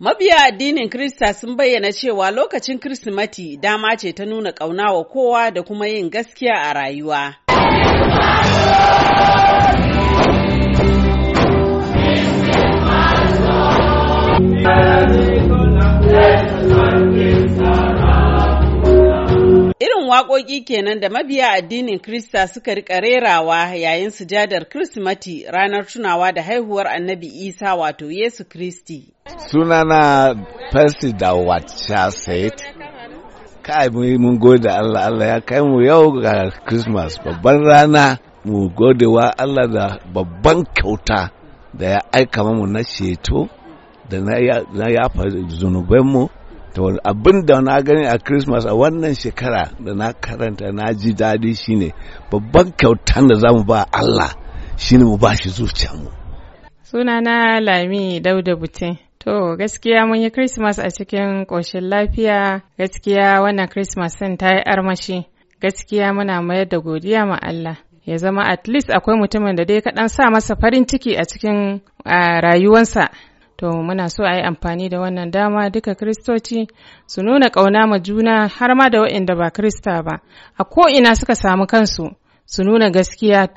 Mabiya addinin Krista sun bayyana cewa lokacin Kirsimati dama ce ta nuna ƙauna wa kowa da kuma yin gaskiya a rayuwa. waƙoƙi kenan da mabiya addinin Krista suka rika rerawa yayin sujadar Kirsimati ranar tunawa da haihuwar annabi Isa wato Yesu Kristi. Sunana Percy da Wachaset. Kai mun gode Allah Allah ya kai mu yau ga Christmas babban rana mu gode wa Allah da babban kyauta da ya aika mu na ceto da na yafa zunubanmu to abin da na gani a christmas a wannan shekara da na karanta na ji daɗi shine babban kyautan da zamu ba allah shine mu ba shi zuciyarmu na lami dauda butin To gaskiya mun yi Christmas a cikin ƙoshin lafiya, gaskiya wannan Christmas ɗin ta yi armashi, gaskiya muna mayar da godiya ma Allah. Ya zama at least akwai mutumin da dai kaɗan sa masa farin ciki a cikin rayuwansa To muna so a yi amfani da wannan dama duka kristoci su nuna ƙauna ma juna har ma da waɗanda ba krista ba, a ko ina suka samu kansu su nuna gaskiya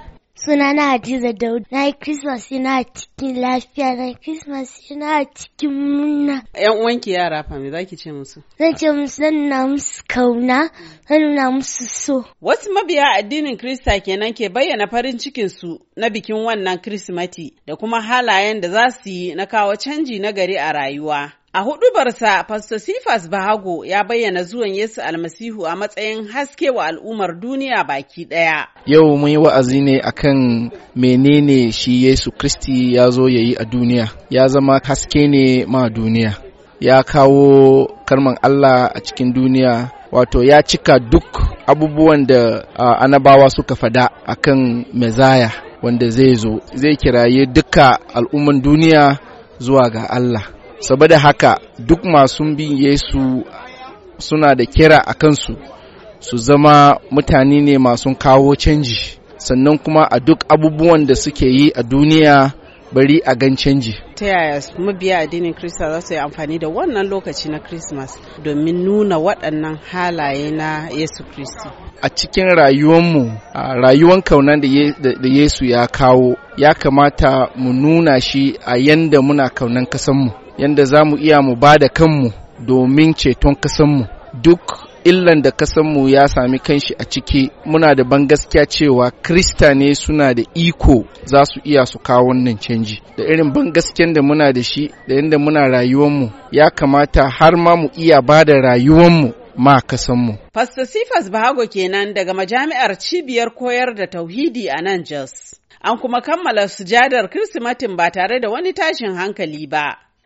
suna na Hadiza wuri Na yi Christmas yana cikin lafiya, na yi Christmas yana cikin muna. Yan uwanki yara fa me zaki ce musu? Zan ce musu zan nuna musu kauna, zan nuna musu so. Wasu mabiya addinin Krista kenan ke bayyana farin cikinsu na bikin wannan Kirsimati da kuma halayen da za su yi na kawo canji na gari a rayuwa. A hudubarsa, Pastor Sifas Bahago ya bayyana zuwan Yesu almasihu a matsayin haske wa al'ummar duniya baki ɗaya. Yau mun yi wa'azi ne akan menene shi Yesu Kristi ya zo ya yi a duniya, ya zama haske ne ma duniya, ya kawo karman Allah a cikin duniya, wato ya cika duk abubuwan da anabawa suka fada akan mezaya wanda zai zo, zai kiraye duka al'umman duniya zuwa ga Allah. saboda haka duk masu bin Yesu suna da kira a kansu su zama mutane ne masu kawo canji sannan kuma a duk abubuwan da suke yi a duniya bari a gan canji. Ta yaya mabiya addinin Kirista za su yi amfani da wannan lokaci na Christmas domin nuna waɗannan halaye na Yesu Kristi. A cikin rayuwanmu, rayuwan kaunan da Yesu ya kawo, ya kamata mu nuna shi a yanda muna kaunan kasanmu. yadda za mu iya mu ba da kanmu domin ceton kasanmu duk illan da kasanmu ya sami kanshi a ciki muna da ban gaskiya cewa krista ne suna da iko za su iya su kawo wannan canji da irin ban da muna da shi da yadda muna rayuwanmu ya kamata har ma mu iya ba da rayuwanmu ma kasanmu. Pastor Sifas Bahago kenan daga majami'ar cibiyar koyar da tauhidi a nan Jos. An kuma kammala sujadar Kirsimatin ba tare da wani tashin hankali ba.